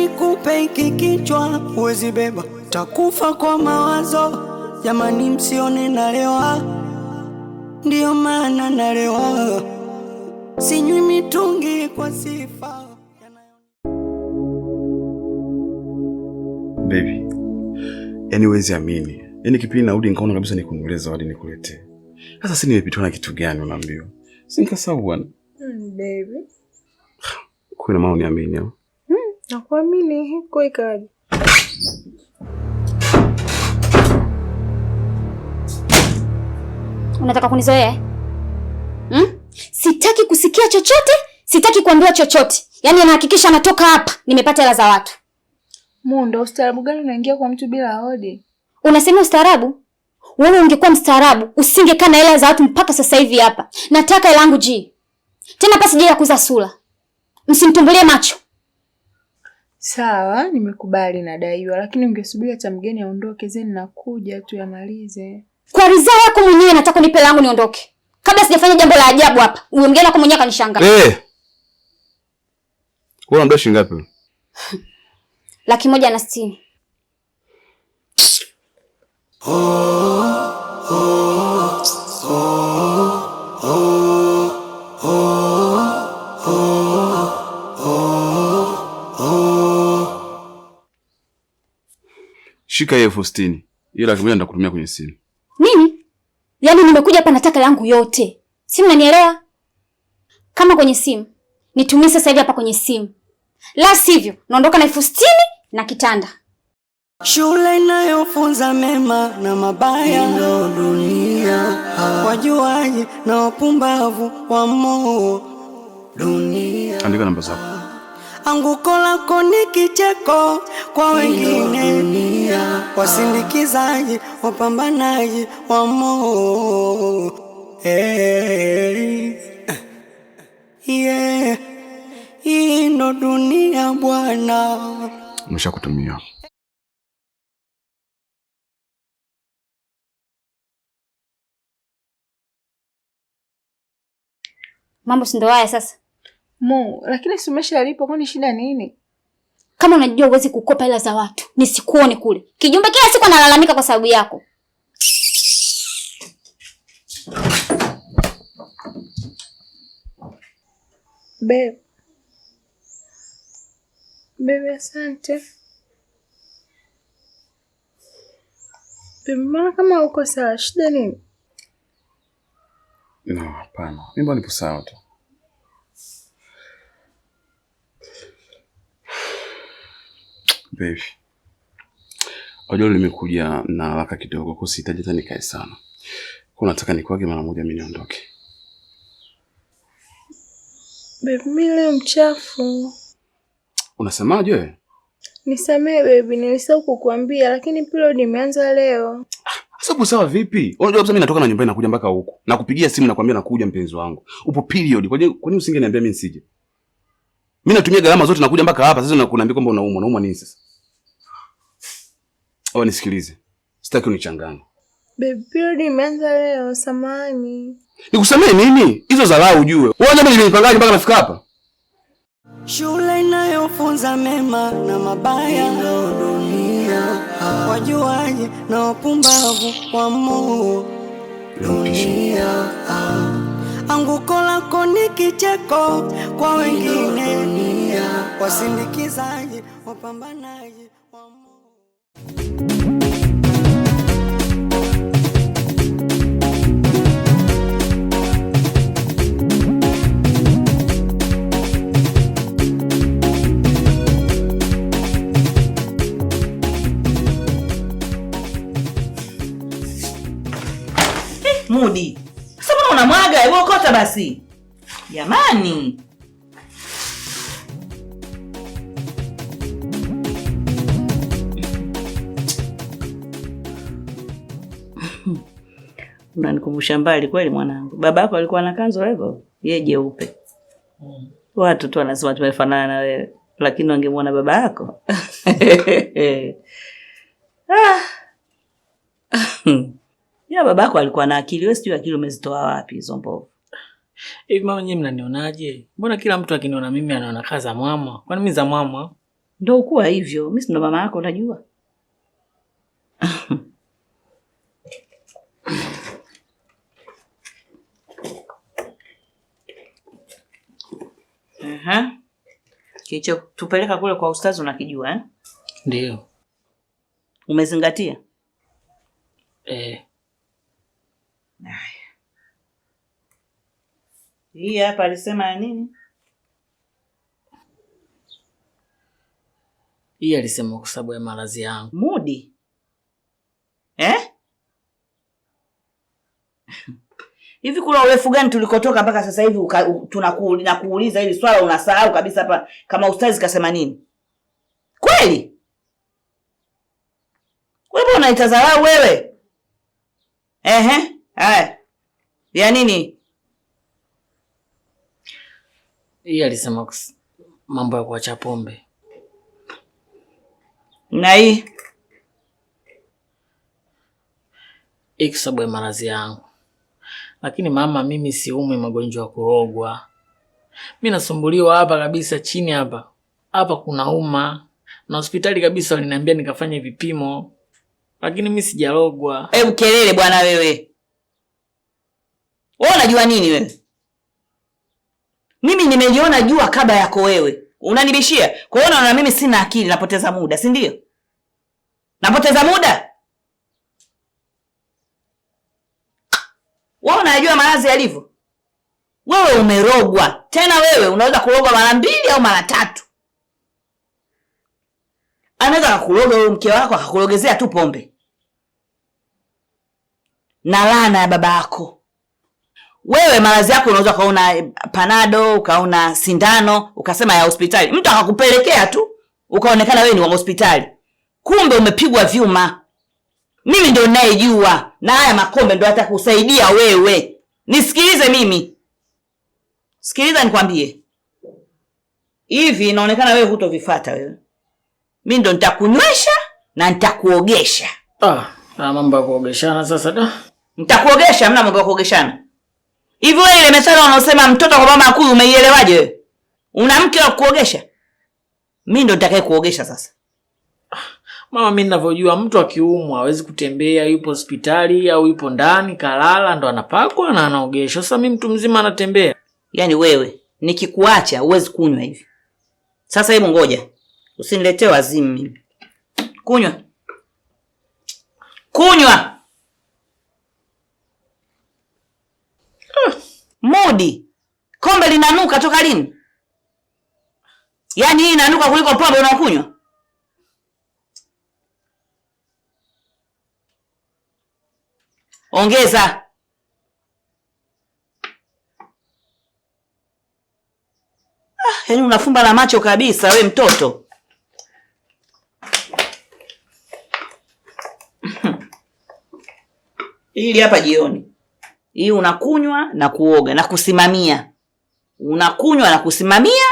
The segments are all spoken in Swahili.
nikupe hiki kichwa huwezi beba, takufa kwa mawazo. Jamani, msione nalewa, ndiyo maana nalewa, sinywi mitungi kwa sifa. Baby, yani wezi amini, yani kipindi narudi nikaona kabisa nikununulie zawadi nikuletee. Sasa si nimepitwa na kitu gani? Unaambiwa si bwana. Mm, baby, kuna maana uniamini Nakuamini hiko ikaje. Unataka kunizoea? Eh? Hmm? Sitaki kusikia chochote, sitaki kuambiwa chochote. Yaani anahakikisha anatoka hapa, nimepata hela za watu. Mundo, ustaarabu gani unaingia kwa mtu bila hodi? Unasema ustaarabu? Wewe ungekuwa mstaarabu, usingekaa na hela za watu mpaka sasa hivi hapa. Nataka hela yangu ji. Tena pasi ya kuza sura. Msimtumbulie macho. Sawa, nimekubali nadaiwa, lakini ungesubiri hata mgeni aondoke, zeni nakuja tu yamalize. Kwa ridhaa yako mwenyewe nataka nipe langu niondoke, kabla sijafanya jambo la ajabu hapa. Huyo mgeni wako mwenyewe akanishangaa. Hey! Eh! Wewe unadai shilingi ngapi? Laki moja na sitini. Oh, oh, oh, Shika hiyo elfu sitini ila laki moja nitakutumia kwenye simu. Nini? Yaani nimekuja hapa nataka yangu yote, si mnanielewa? Kama kwenye simu nitumie sasa hivi hapa kwenye simu, la sivyo naondoka na elfu sitini na kitanda. Shule inayofunza mema na mabaya na dunia, wajuaji na wapumbavu wa moo dunia. Andika namba zako. Anguko lako ni kicheko kwa wengine dunia, wasindikizaji, wapambanaji wa Mungu hey. Yeah. Hii ndo dunia bwana, umeshakutumia mambo, si ndo haya sasa mu, lakini si alipo kwani shida nini? Kama unajua uwezi kukopa hela za watu, nisikuone kule. Kijumbe kila siku analalamika kwa sababu yako. Bebe. Bebe, asante. Bebe, mbona kama uko sawa? Shida nini? No, hapana. Mimi nipo sawa tu. nikupe hivi. Unajua nimekuja na haraka kidogo, kwa sihitaji hata nikae sana. Kwa nataka nikuage mara moja mimi niondoke. Baby, mimi leo mchafu. Unasemaje wewe? Nisamee baby, nilisahau kukuambia lakini period imeanza leo. Ah, sababu sawa vipi? Unajua mimi natoka na nyumbani nakuja mpaka huku. Nakupigia simu nakwambia nakuja mpenzi wangu. Upo period. Kwa nini usingeniambia mimi nisije? Mimi natumia gharama zote nakuja mpaka hapa sasa unakuambia kwamba unaumwa. Unaumwa nini sasa? Oh, nisikilize, sitaki unichanganye. Baby period imeanza leo, samani. Nikusamee nini? Hizo dharau ujue. Wewe ndio nimeipangaje mpaka nafika hapa? Shule inayofunza mema na mabaya ndio dunia. Wajuaje na wapumbavu wa moo dunia. Anguko lako ni kicheko kwa wengine, wasindikizaji, wapambanaji Mudi, sasa mbona unamwaga? Hebu okota basi jamani. Unanikumbusha mbali kweli mwanangu. Baba yako alikuwa na kanzo hivyo, ye jeupe. Mm. Watu tu wanasema tumefanana na wewe, lakini wangemwona baba yako ah. Hmm. Ila babako alikuwa na akili, wewe sijui akili umezitoa wapi hizo mbovu. Hivi mama, nyinyi mnanionaje? Mbona kila mtu akiniona mimi anaona kaza mwamwa? Kwani mi za mwamwa? Ndio ukuwa hivyo. Mimi si ndo mama yako unajua. Aha. Kicho tupeleka kule kwa ustazi unakijua eh? Ndio. Umezingatia? Eh. Hii hapa alisema ya nini? Hii alisema kwa sababu ya marazi yangu. Mudi eh? Hivi kuna urefu gani tulikotoka mpaka sasa hivi tunakuuliza hili swala unasahau kabisa hapa kama ustazi kasema nini? Kweli? Wewe unaitazarau wewe. Ehe, haya. Ya nini? hii alisema mambo ya kuacha pombe na hii iki sababu ya maradhi yangu, lakini mama, mimi siumwi magonjwa ya kurogwa. Mi nasumbuliwa hapa kabisa chini hapa hapa uma na hospitali kabisa waliniambia nikafanye vipimo, lakini mi sijarogwa. Hebu kelele bwana wewe, wewe unajua nini wewe? Mimi nimeliona jua kabla yako wewe. Unanibishia? kwao naona mimi sina akili, napoteza muda, si ndio? Napoteza muda? Wewe unajua maradhi yalivyo? Wewe umerogwa. Tena wewe unaweza kurogwa mara mbili au mara tatu. Anaweza akakuroga wewe, mke wako akakurogezea tu pombe. Na lana ya baba yako wewe maradhi yako unaweza ukaona panado ukaona sindano ukasema ya hospitali, mtu akakupelekea tu ukaonekana wewe ni wa hospitali, kumbe umepigwa vyuma. Mimi ndio ninayejua, na haya makombe ndio atakusaidia wewe. Nisikilize mimi, sikiliza nikwambie hivi, inaonekana wewe hutovifata wewe, mi ndo nitakunywesha na nitakuogesha. Ah, mambo ya kuogeshana sasa da, nitakuogesha. Mna mambo ya kuogeshana Hivi wewe ile methali mtoto kwa mama akulu umeielewaje wewe? Una mke wa kuogesha? Mimi ndo nitakaye kuogesha sasa. Mama, mimi ninavyojua mtu akiumwa hawezi kutembea, yupo hospitali au yupo ndani kalala, ndo anapakwa na anaogeshwa. Sasa mimi mtu mzima anatembea. Yaani wewe nikikuacha huwezi kunywa hivi. Sasa hebu ngoja. Usiniletee wazimu mimi. Kunywa. Kunywa. Mudi, kombe linanuka toka lini? Yaani hii inanuka kuliko pombe unaokunywa. Ongeza ah, yaani unafumba la macho kabisa we mtoto. ili hapa jioni hii unakunywa na kuoga na kusimamia, unakunywa na kusimamia,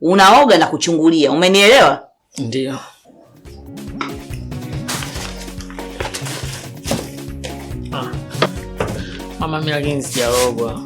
unaoga na kuchungulia. Umenielewa? Ndio. Ah. Mama, mimi lakini sijaogwa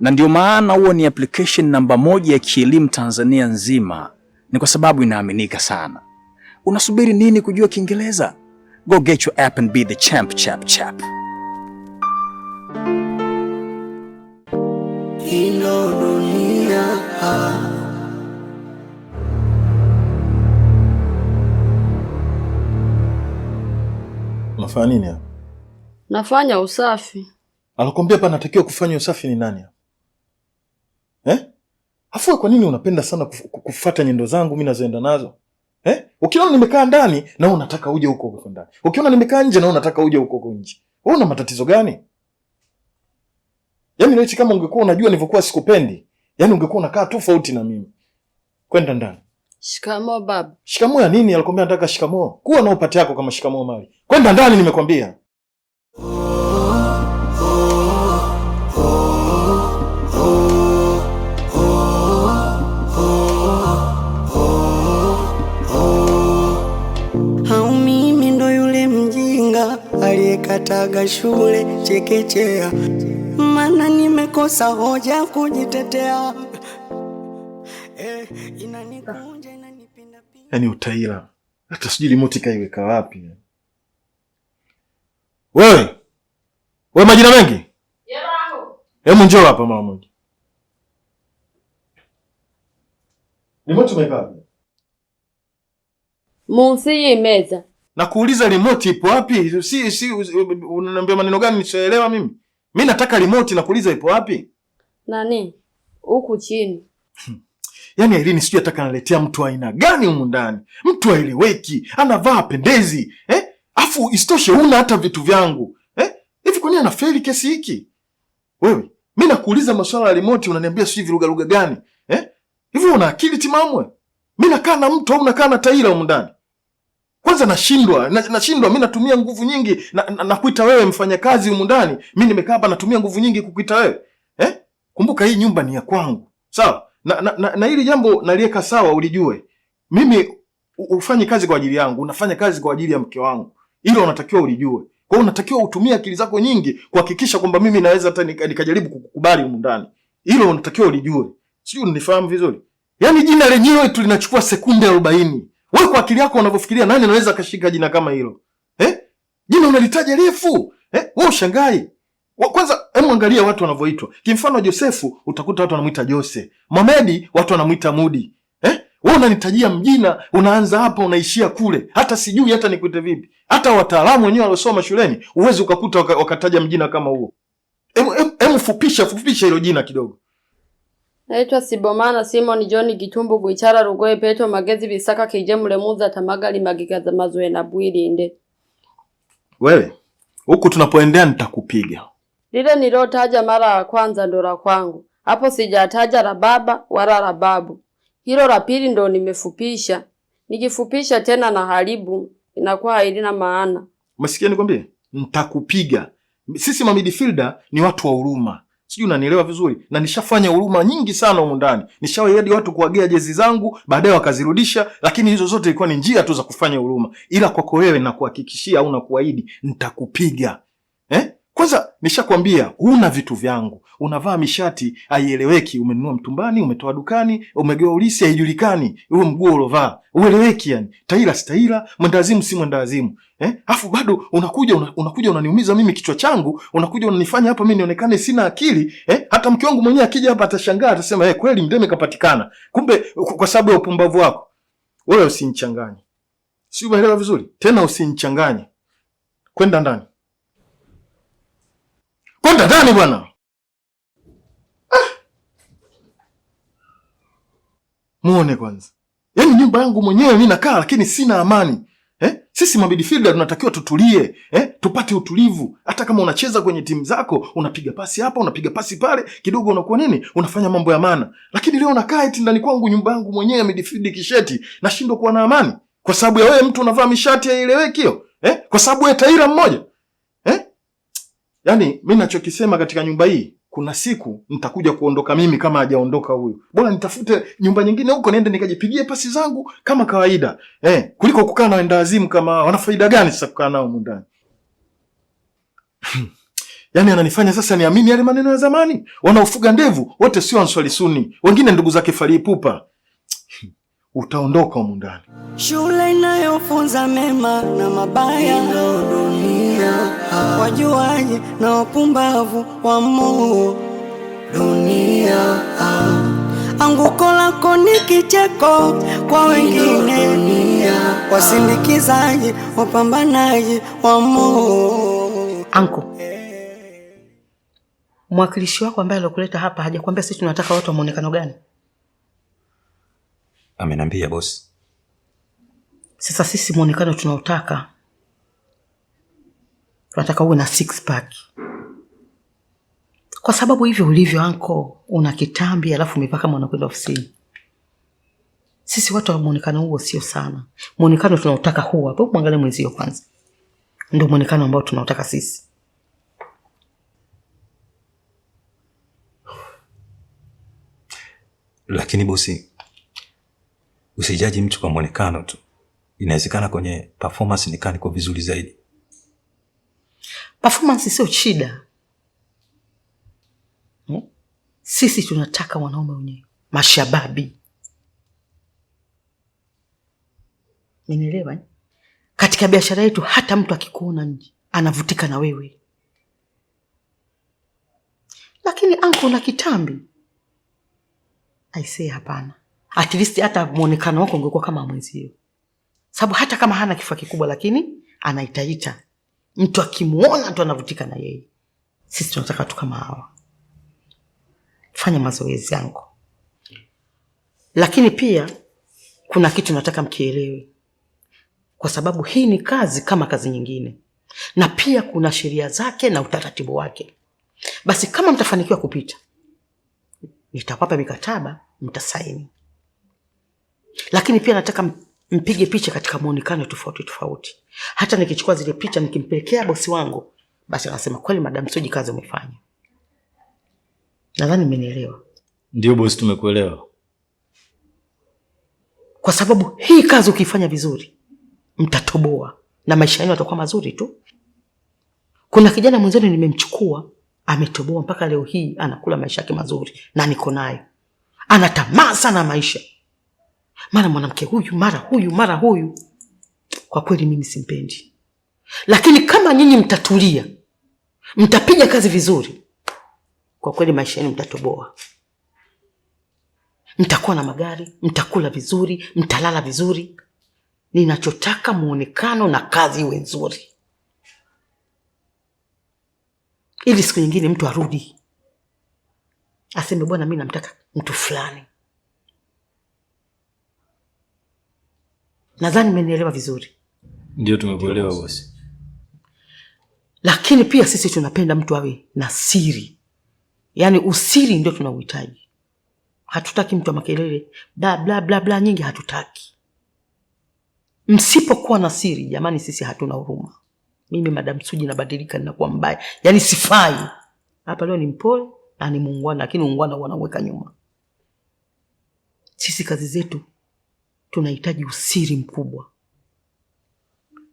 na ndio maana huo ni application namba moja ya kielimu Tanzania nzima, ni kwa sababu inaaminika sana. Unasubiri nini kujua Kiingereza? Go get your app and be the champ chap chap. Nafanya nini? Nafanya usafi. Alikwambia panatakiwa kufanya usafi ni nani? Afu kwa nini unapenda sana kufata nyendo zangu mi nazoenda nazo? Eh? Ukiona nimekaa ndani na unataka uje huko huko ndani. Ukiona nimekaa nje na unataka uje huko huko nje. Wewe una matatizo gani? yani naichi kama ungekuwa unajua nilivyokuwa sikupendi, yani ungekuwa unakaa tofauti na mimi. Kwenda ndani. Shikamoo baba. Shikamoo ya nini? Alikwambia nataka shikamoo. Kuwa na upate yako kama shikamoo mali. Kwenda ndani nimekwambia. nimetaga shule chekechea, mana nimekosa hoja kujitetea. Eh, inanikunja inanipindapinda, yani utaila hata sijui limoti kaiweka wapi wewe. We majina mengi, hemu njoo hapa mara moja. Limoti umeweka wapi? Musi meza na kuuliza remote ipo wapi? Si, si unaniambia maneno gani nisielewa mimi? Mimi nataka remote na kuuliza ipo wapi? Nani? Huku chini. Hmm. Yaani Irene sijui ataka naletea mtu aina gani humu ndani. Mtu aeleweki, anavaa pendezi, eh? Afu istoshe una hata vitu vyangu. Eh? Hivi kwa nini anafeli kesi hiki? Wewe, mimi nakuuliza maswala ya remote unaniambia sijui lugha lugha gani? Eh? Hivi una akili timamwe? Mimi nakaa na mtu au nakaa na taira humu ndani? Kwanza nashindwa nashindwa, mi natumia nguvu nyingi nakuita na, na, nakuita wewe mfanyakazi humu ndani, mi nimekaa hapa natumia nguvu nyingi kukuita wewe eh? Kumbuka hii nyumba ni ya kwangu, sawa na, na, na, na hili jambo naliweka sawa, ulijue mimi ufanyi kazi kwa ajili yangu, unafanya kazi kwa ajili ya mke wangu, hilo unatakiwa ulijue. kwao unatakiwa utumie akili zako nyingi kuhakikisha kwamba mimi naweza hata nikajaribu kukubali humu ndani, hilo unatakiwa ulijue, sijui unifahamu vizuri. Yaani jina lenyewe tu linachukua sekunde arobaini wewe kwa akili yako unavyofikiria nani anaweza akashika jina kama hilo? Eh? Jina unalitaja refu. Eh? Wewe ushangai. Kwanza hebu angalia watu wanavyoitwa. Kimfano Josefu utakuta watu wanamuita Jose. Mohamedi watu wanamuita Mudi. Eh? Wewe unanitajia mjina, unaanza hapa unaishia kule. Hata sijui hata nikuite vipi. Hata wataalamu wenyewe waliosoma shuleni, uwezi ukakuta wakataja mjina kama huo. Hebu fupisha fupisha hilo jina kidogo naitwa Sibomana Simon John Gitumbu Gwichara Rugoye Peto Magezi Bisaka Kije Mulemuza Tamagali za Mazoe na Bwirinde. Wewe huku tunapoendea nitakupiga. Lile nilotaja mara ya kwanza ndo la kwangu, hapo sijataja la baba wala la babu. Hilo la pili ndo nimefupisha, nikifupisha tena na haribu inakuwa haina maana. Umesikia nikwambie? Nitakupiga. Sisi mamidfielder ni watu wa huruma sijui unanielewa vizuri, na nishafanya huruma nyingi sana humu ndani, nishawaiadi watu kuwagea jezi zangu, baadaye wakazirudisha, lakini hizo zote ilikuwa ni njia tu za kufanya huruma, ila kwako wewe nakuhakikishia au nakuahidi nitakupiga eh? Kwanza nishakwambia huna vitu vyangu, unavaa mishati haieleweki, umenunua mtumbani, umetoa dukani, umegewa ulisi, haijulikani huo mguu ulovaa ueleweki, yani taila sitaila, mwendawazimu si mwendawazimu eh? Afu bado unakuja una, unakuja unaniumiza mimi kichwa changu, unakuja unanifanya hapa mimi nionekane sina akili eh? Hata mke wangu mwenyewe akija hapa atashangaa, atasema hey, eh, kweli Mdeme kapatikana, kumbe kwa sababu ya upumbavu wako wewe. Usinichanganye, si umeelewa vizuri? Tena usinichanganye, kwenda ndani. Kwenda ndani bwana. Ah! Muone kwanza. Yaani nyumba yangu mwenyewe mimi nakaa lakini sina amani. Eh? Sisi midfielder tunatakiwa tutulie, eh? Tupate utulivu. Hata kama unacheza kwenye timu zako, unapiga pasi hapa, unapiga pasi pale, kidogo unakuwa nini? Unafanya mambo ya maana. Lakini leo nakaa eti ndani kwangu nyumba yangu mwenyewe midfield kisheti, nashindwa kuwa na amani. Kwa sababu ya wewe mtu unavaa mishati ya ileweki hiyo, eh? Kwa sababu ya taira mmoja. Yaani mi nachokisema katika nyumba hii, kuna siku nitakuja kuondoka mimi kama hajaondoka huyu. Bora nitafute nyumba nyingine huko niende nikajipigie pasi zangu kama kawaida eh, kuliko kukaa na wendawazimu kama wana faida gani sasa kukaa nao mundani? Yaani ananifanya sasa niamini yale maneno ya zamani, wanaofuga ndevu wote sio Suni, wengine ndugu zake falipupa utaondoka humu ndani. Shule inayofunza mema na mabaya, dunia. Wajuaji na wapumbavu wamo dunia. Anguko lako ni kicheko kwa wengine, wasindikizaji, wapambanaji wa moo Anko, mwakilishi wako ambaye aliokuleta hapa hajakwambia sisi tunataka watu wa muonekano gani? Ameniambia bosi. Sasa sisi mwonekano tunaotaka, tunataka uwe na six pack, kwa sababu hivyo ulivyo anko, una kitambi alafu umevaa kama unakwenda ofisini. Sisi watu wa mwonekano huo sio sana. Mwonekano tunaotaka huo hapo, mwangalie mwenzio kwanza, ndio mwonekano ambao tunaotaka sisi. Lakini bosi Usijaji mtu kwa mwonekano tu, inawezekana kwenye performance nikaa niko vizuri zaidi. Performance sio shida hmm? Sisi tunataka wanaume wenye mashababi, menielewa? Eh? Katika biashara yetu hata mtu akikuona nje anavutika na wewe, lakini anko na kitambi aisee, hapana at least hata muonekano wako ungekuwa kama mwenzio, sababu hata kama hana kifua kikubwa, lakini anaitaita mtu akimuona tu anavutika na yeye. Sisi tunataka tu kama hawa. Fanya mazoezi yangu, lakini pia kuna kitu nataka mkielewe, kwa sababu hii ni kazi kama kazi nyingine, na pia kuna sheria zake na utaratibu wake. Basi kama mtafanikiwa kupita, nitawapa mikataba mtasaini lakini pia nataka mpige picha katika muonekano tofauti tofauti. Hata nikichukua zile picha nikimpelekea bosi wangu, basi anasema kweli, madam Suji, kazi umefanya. Nadhani mmenielewa. Ndio bosi, tumekuelewa, kwa sababu hii kazi ukifanya vizuri mtatoboa na maisha yenu yatakuwa mazuri tu. Kuna kijana mwenzenu nimemchukua, ametoboa mpaka leo hii anakula maisha yake mazuri, na niko naye, anatamaa sana maisha mara mwanamke huyu mara huyu mara huyu. Kwa kweli mimi simpendi, lakini kama nyinyi mtatulia, mtapiga kazi vizuri, kwa kweli maisha yenu mtatoboa, mtakuwa na magari, mtakula vizuri, mtalala vizuri. Ninachotaka muonekano na kazi iwe nzuri, ili siku nyingine mtu arudi aseme, bwana, mi namtaka mtu fulani. Nadhani menielewa vizuri. Ndio, tumekuelewa bosi. Lakini pia sisi tunapenda mtu awe na siri, yaani usiri ndio tunauhitaji. Hatutaki mtu wa makelele bla bla bla bla nyingi, hatutaki. Msipokuwa na siri, jamani, sisi hatuna huruma. Mimi Madam Suji nabadilika, ninakuwa mbaya, yaani sifai hapa. Leo ni mpole na ni muungwana, lakini uungwana nauweka nyuma. Sisi kazi zetu tunahitaji usiri mkubwa.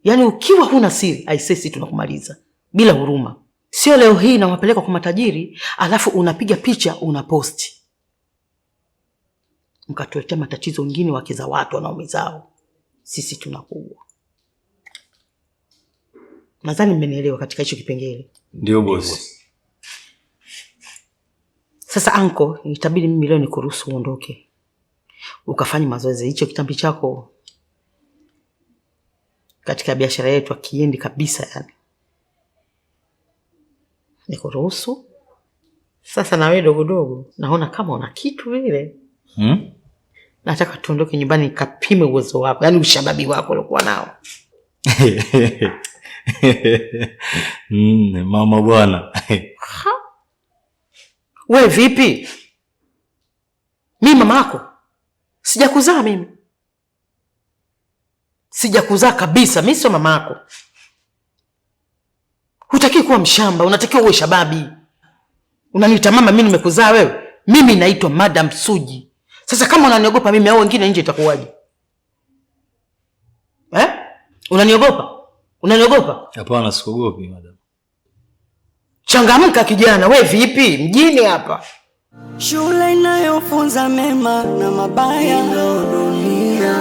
Yaani ukiwa huna siri, aisesi tunakumaliza bila huruma. Sio leo hii nawapeleka kwa matajiri, alafu unapiga picha unaposti, mkatuletea matatizo wengine, wake za watu wanaumizao, sisi tunakuwa. Nadhani mmenielewa katika hicho kipengele. Ndio bosi. Sasa anko, itabidi mimi leo nikuruhusu uondoke ukafanya mazoezi. Hicho kitambi chako katika biashara yetu akiendi kabisa, yani nikuruhusu sasa. Na wewe dogodogo, naona kama una kitu vile hmm? Nataka tuondoke nyumbani nikapime uwezo wako, yani ushababi wako uliokuwa nao Mm, mama bwana we vipi? Mi mama yako Sijakuzaa mimi, sijakuzaa kabisa. Mi sio mama ako Hutaki kuwa mshamba, unatakiwa uwe shababi. Unaniita mama, mi nimekuzaa wewe? Mimi naitwa Madam Suji. Sasa kama unaniogopa mimi au wengine nje itakuwaje eh? Unaniogopa? Unaniogopa? Hapana, sikuogopi madam. Changamka kijana, we vipi mjini hapa Shule inayofunza mema na mabaya, dunia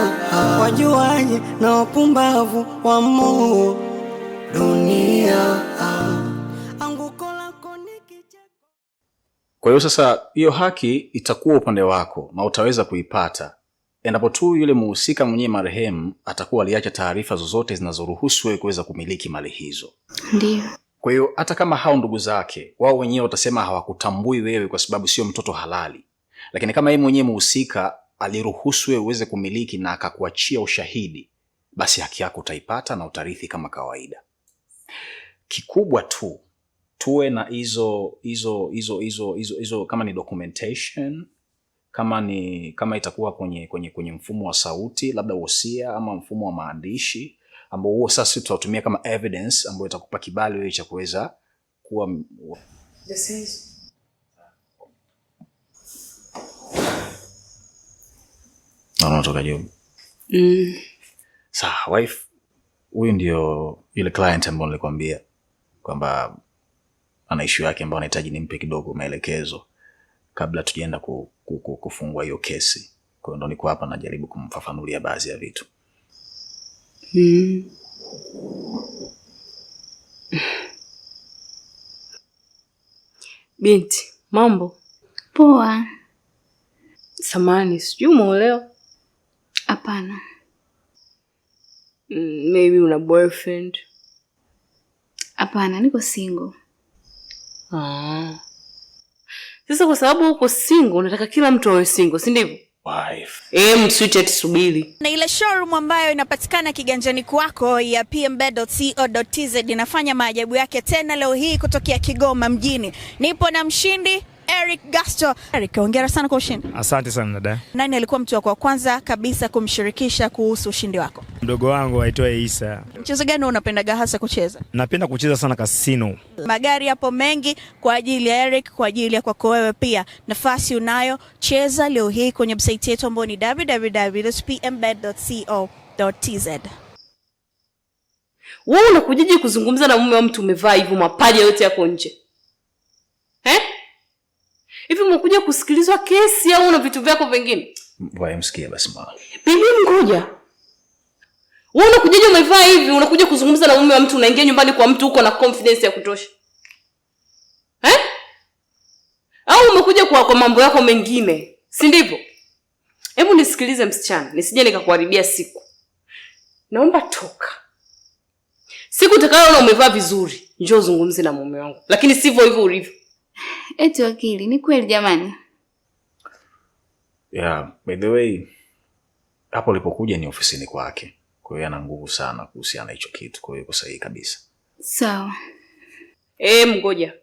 wajuaji na wapumbavu wa moo dunia. Kwa hiyo sasa, hiyo haki itakuwa upande wako na utaweza kuipata endapo tu yule muhusika mwenyewe marehemu atakuwa aliacha taarifa zozote zinazoruhusu wewe kuweza kumiliki mali hizo, ndiyo. Kwa hiyo hata kama hao ndugu zake wao wenyewe watasema hawakutambui wewe kwa sababu sio mtoto halali, lakini kama yeye mwenyewe mhusika aliruhusu wewe uweze kumiliki na akakuachia ushahidi, basi haki yako utaipata na utarithi kama kawaida. Kikubwa tu tuwe na hizo hizo hizo hizo hizo hizo, kama ni documentation, kama ni kama itakuwa kwenye kwenye kwenye mfumo wa sauti, labda wosia ama mfumo wa maandishi ambao huo sasa tutatumia kama evidence ambayo itakupa kibali wewe cha kuweza kuwa toka juu. Mm. Sawa, wife, huyu ndio yule client ambao nilikwambia kwamba ana issue yake ambayo anahitaji nimpe kidogo maelekezo kabla tujaenda ku, ku, ku, kufungua hiyo kesi. Kwa hiyo ndo niko hapa najaribu kumfafanulia baadhi ya vitu. Hmm. Binti, mambo? Poa. Samani, sijui umeolewa? Hapana. Mm, maybe una boyfriend? Hapana, niko single. Ah. Sasa kwa sababu uko single, unataka kila mtu awe single, si ndivyo? Eh, Tusubiri na ile showroom ambayo inapatikana kiganjani kwako ya pmb.co.tz inafanya maajabu yake tena leo hii kutokea Kigoma mjini. Nipo na mshindi Eric Gasto. Eric, hongera sana kwa ushindi. Asante sana dada. Nani alikuwa mtu wako wa kwanza kabisa kumshirikisha kuhusu ushindi wako? Mdogo wangu aitwaye Isa. Mchezo gani unapendaga hasa kucheza? Napenda kucheza sana kasino. Magari yapo mengi kwa ajili ya Eric, kwa ajili ya kwako wewe pia. Nafasi unayo, cheza leo hii kwenye website yetu ambayo ni www.pmbet.co.tz. Wewe unakujiji kuzungumza na mume wa mtu umevaa hivyo mapaja yote yako nje. Eh? Hivi umekuja kusikilizwa kesi au una vitu vyako vingine? Wewe msikie basi mama. Bibi ngoja. Wewe unakujaje umevaa hivi? Unakuja kuzungumza na mume wa mtu, unaingia nyumbani kwa mtu uko na confidence ya kutosha. Eh? Au umekuja kwa kwa mambo yako mengine, si ndivyo? Hebu nisikilize msichana, nisije nikakuharibia siku. Naomba toka. Siku utakayoona umevaa vizuri, njoo uzungumze na mume wangu. Lakini sivyo hivyo ulivyo. Eti wakili, ni kweli jamani? Yeah, by the way, hapo ulipokuja ni ofisini kwake. Kwa hiyo ana nguvu sana kuhusiana na hicho kitu, kwa hiyo yuko sahihi kabisa. Sawa. Eh, mgoja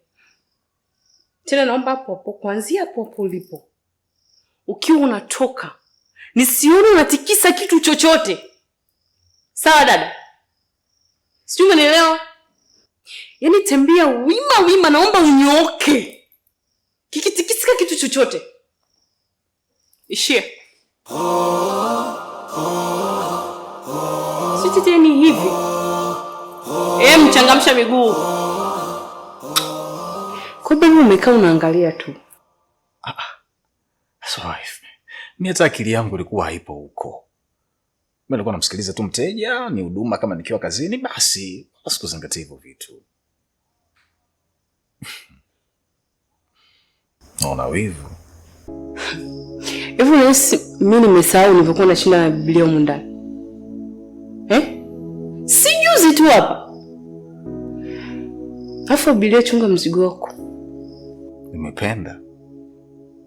tena, naomba hapo hapo, kuanzia hapo hapo ulipo, ukiwa unatoka nisione unatikisa kitu chochote. Sawa dada, sijui umenielewa? Yaani tembea wima wima, naomba unyoke kikitikisika kitu chochote oh. Teni hivi e, mchangamsha miguu. Kumbe mimi umekaa unaangalia tu. Ah, ah. mimi hata akili yangu ilikuwa haipo huko. Mimi nilikuwa namsikiliza tu mteja, ni huduma kama nikiwa kazini, basi sikuzingatia hivyo vitu. Naona wivu. Hivi mimi nimesahau nilivyokuwa nashinda na Biblia huko ndani eh? Si juzi tu hapa. Alafu bila chunga mzigo wako. Nimependa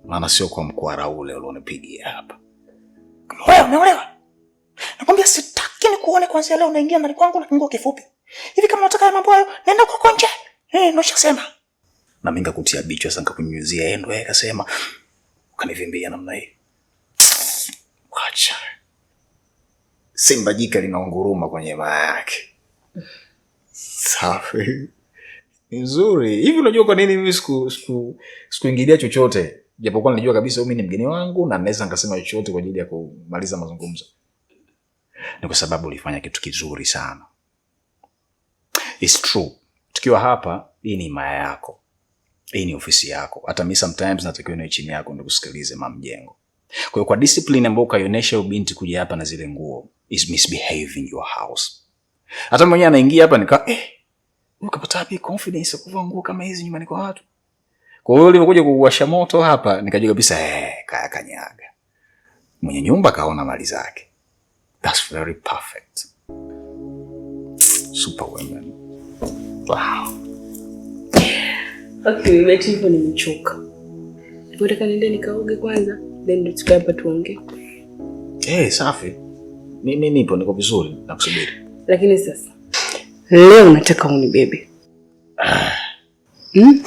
maana sio kwa mkwara ule ulionipigia hapa. Wewe umeolewa? Nakwambia sitaki nikuone kwanza leo unaingia ndani kwangu na kingo kifupi. Hivi kama unataka ya mambo hayo, nenda kwa konje. Eh, ndo shasema. Na mimi ngakutia bicho sasa nikakunyunyizia yeye ndo akasema ukanivimbia namna hii. Acha. Simba jike linaunguruma kwenye maa yake. Safi. Ni nzuri. Hivi unajua kwa nini mimi siku siku sikuingilia chochote? Japokuwa nilijua kabisa mimi ni mgeni wangu na naweza nkasema chochote kwa ajili ya kumaliza mazungumzo. Ni kwa sababu ulifanya kitu kizuri sana. It's true. Tukiwa hapa, hii ni maya yako. Hii ni ofisi yako. Hata mi sometimes natakiwa niwe chini yako ndikusikilize mamjengo. Kwa hiyo kwa discipline ambayo ukaionyesha binti kuja hapa na zile nguo, is misbehaving your house. Hata mwenye anaingia hapa nika eh, ukapata api confidence kuvaa nguo kama hizi nyumbani kwa watu? Kwa hiyo ulivyokuja kuwasha moto hapa, nikajua kabisa eh, kaya kanyaga. Mwenye nyumba kaona mali zake. That's very perfect. Super women. Wow. Okay, mimi hivyo nimechoka. Bora kanende nikaoge kwanza, then tukae hapa tuongee. Eh, safi. Mimi nipo, niko vizuri, nakusubiri. Lakini sasa leo nataka unibebe. Ah. Hmm?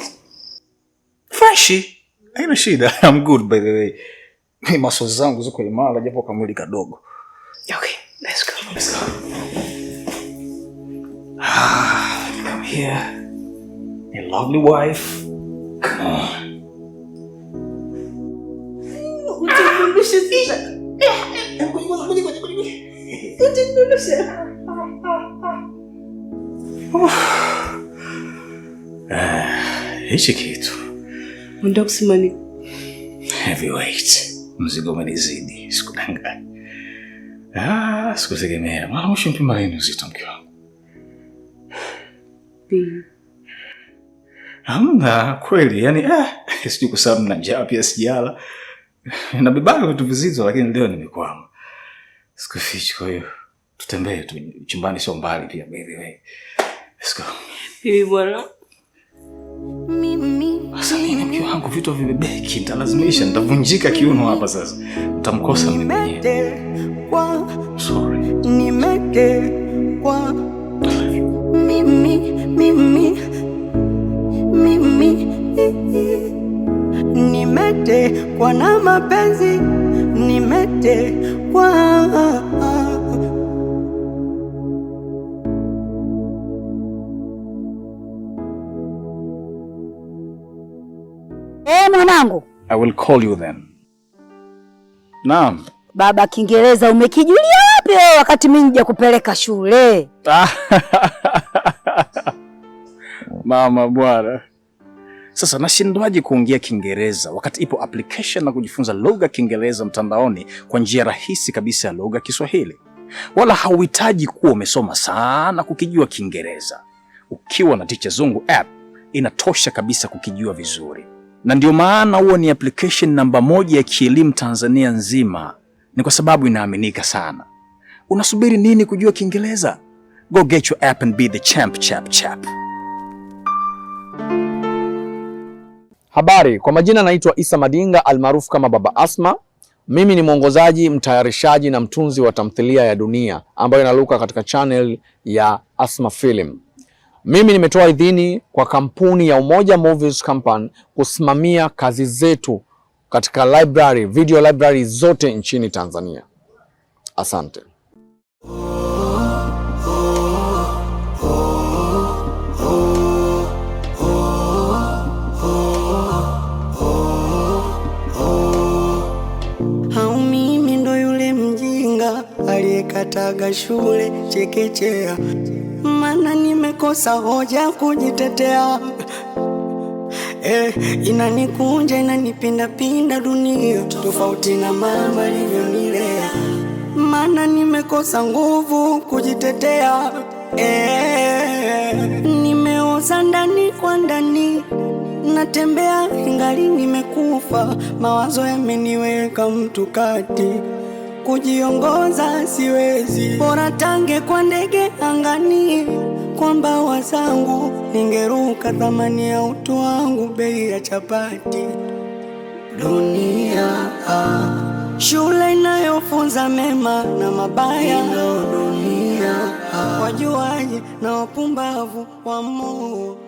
Freshi. Haina shida. I'm good by the way. Mimi Maso zangu ziko imara japo kwa mwili kadogo. Okay, let's go. Let's go. Ah, I'm here. A lovely wife. Come on dulu dulo siya. Hichi kitu enda kusimani heavyweight, mzigo umenizidi, sikudanganya. Ah, sikutegemea. Mara mwisho mpima lini uzito, mke wangu? Hamna kweli, yani eh, sijui kwa sababu na njaa pia sijala nabebaka vitu vizito, lakini leo nimekwama. Sikufichi, kwa hiyo tutembee tu, chumbani sio mbali pia. By the way, let's go. Hivi bwana, mimi sasa, mimi mke wangu vitu vimebeki, nitalazimisha, nitavunjika kiuno hapa sasa, utamkosa mimi mwenyewe. Sorry, nimetekwa mimi, mimi, mimi nimetekwa na mapenzi nimetekwa. Hey, eh, mwanangu. I will call you then. Naam. Baba, Kiingereza umekijulia wapi wewe wakati mimi nija kupeleka shule? Mama bwana. Sasa nashindwaje kuongea Kiingereza wakati ipo application na kujifunza lugha Kiingereza mtandaoni kwa njia rahisi kabisa ya lugha Kiswahili? Wala hauhitaji kuwa umesoma sana kukijua Kiingereza. Ukiwa na Ticha Zungu app inatosha kabisa kukijua vizuri, na ndio maana huo ni application namba moja ya kielimu Tanzania nzima, ni kwa sababu inaaminika sana. Unasubiri nini kujua Kiingereza? Go get your app and be the champ, chap, chap. Habari, kwa majina naitwa Isa Madinga almaarufu kama Baba Asma. Mimi ni mwongozaji, mtayarishaji na mtunzi wa tamthilia ya Dunia ambayo inaluka katika channel ya Asma Film. Mimi nimetoa idhini kwa kampuni ya Umoja Movies Company kusimamia kazi zetu katika library, video library zote nchini Tanzania. Asante. au mimi ndo yule mjinga aliyekataga shule chekechea, mana nimekosa hoja kujitetea. Eh, inanikunja inanipindapinda dunia tofauti na mama alivyonilea, mana nimekosa nguvu kujitetea. Eh, nimeoza ndani kwa ndani natembea ingali nimekufa, mawazo yameniweka mtu kati, kujiongoza siwezi, bora tange kwa ndege angani, kwa mbawa zangu ningeruka, thamani ya utu wangu bei ya chapati. Dunia ah. Shule inayofunza mema na mabaya dunia, ah. wajuaji na wapumbavu wa moo